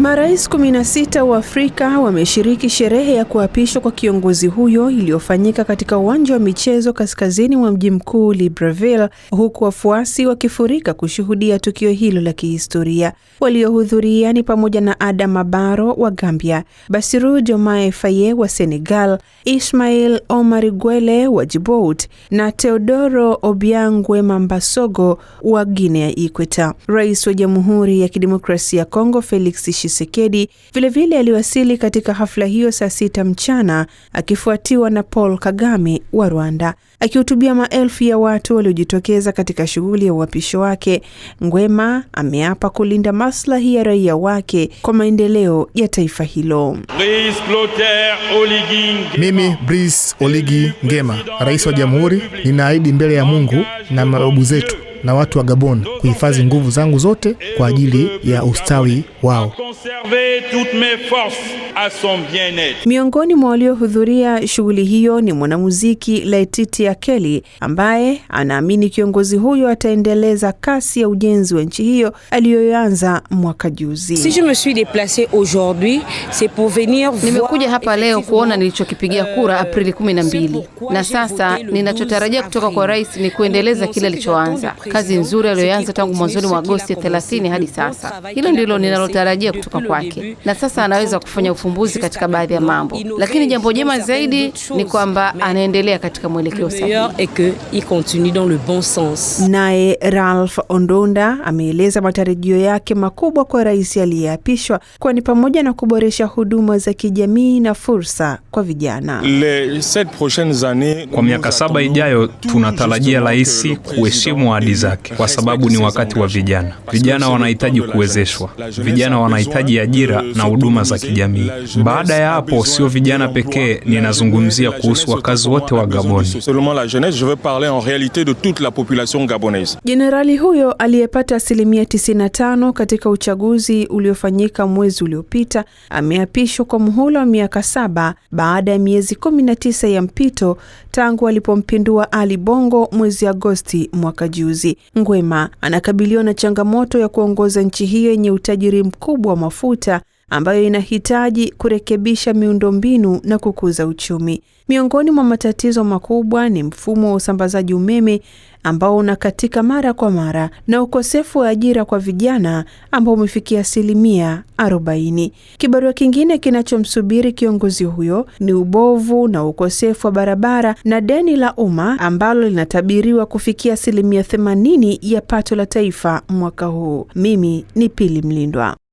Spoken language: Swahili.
Marais 16 wa Afrika wameshiriki sherehe ya kuapishwa kwa kiongozi huyo iliyofanyika katika uwanja wa michezo kaskazini mwa mji mkuu Libreville, huku wafuasi wakifurika kushuhudia tukio hilo la kihistoria. Waliohudhuria ni pamoja na Adama Barrow wa Gambia, Bassirou Diomaye Faye wa Senegal, Ismail Omar Gwele wa Djibouti na Teodoro Obiang Nguema Mbasogo wa Guinea Ikweta. Rais wa Jamhuri ya Kidemokrasia ya Kongo Felix Chisekedi vilevile aliwasili katika hafla hiyo saa sita mchana akifuatiwa na Paul Kagame wa Rwanda. Akihutubia maelfu ya watu waliojitokeza katika shughuli ya uapisho wake, Ngwema ameapa kulinda maslahi ya raia wake kwa maendeleo ya taifa hilo. Mimi Brice Oligi Ngema, rais wa jamhuri, ninaahidi mbele ya Mungu na mababu zetu na watu wa Gabon kuhifadhi nguvu zangu zote kwa ajili ya ustawi wao. Miongoni mwa waliohudhuria shughuli hiyo ni mwanamuziki Laetiti Akeli ambaye anaamini kiongozi huyo ataendeleza kasi ya ujenzi wa nchi hiyo aliyoanza mwaka juzi. Si je me suis déplacé aujourd'hui, c'est pour venir nimekuja hapa leo kuona nilichokipigia euh, kura Aprili 12 na sasa ninachotarajia kutoka kwa rais ni kuendeleza kile alichoanza kazi nzuri aliyoanza tangu mwanzoni mwa Agosti 30 hadi sasa. Hilo ndilo ninalotarajia kutoka kwake, na sasa anaweza kufanya ufumbuzi katika baadhi ya mambo, lakini jambo jema zaidi ni kwamba anaendelea katika mwelekeo sahihi. Naye Ralph ondonda ameeleza matarajio yake makubwa kwa rais aliyeapishwa, kwani pamoja na kuboresha huduma za kijamii na fursa kwa vijana Le, kwa miaka saba ijayo tunatarajia rais kuheshimu ahadi zake, kwa sababu ni wakati wa vijana. Vijana wanahitaji kuwezeshwa, vijana wanahitaji ajira na huduma za kijamii. Baada ya hapo, sio vijana pekee, ninazungumzia kuhusu wakazi wote wa Gaboni. Jenerali huyo aliyepata asilimia 95 katika uchaguzi uliofanyika mwezi uliopita ameapishwa kwa muhula wa miaka saba baada ya miezi 19 ya mpito tangu alipompindua Ali Bongo mwezi Agosti mwaka juzi kazi. Ngwema anakabiliwa na changamoto ya kuongoza nchi hiyo yenye utajiri mkubwa wa mafuta ambayo inahitaji kurekebisha miundombinu na kukuza uchumi. Miongoni mwa matatizo makubwa ni mfumo wa usambazaji umeme ambao unakatika mara kwa mara na ukosefu wa ajira kwa vijana ambao umefikia asilimia 40. Kibarua kingine kinachomsubiri kiongozi huyo ni ubovu na ukosefu wa barabara na deni la umma ambalo linatabiriwa kufikia asilimia 80 ya pato la taifa mwaka huu. Mimi ni Pili Mlindwa.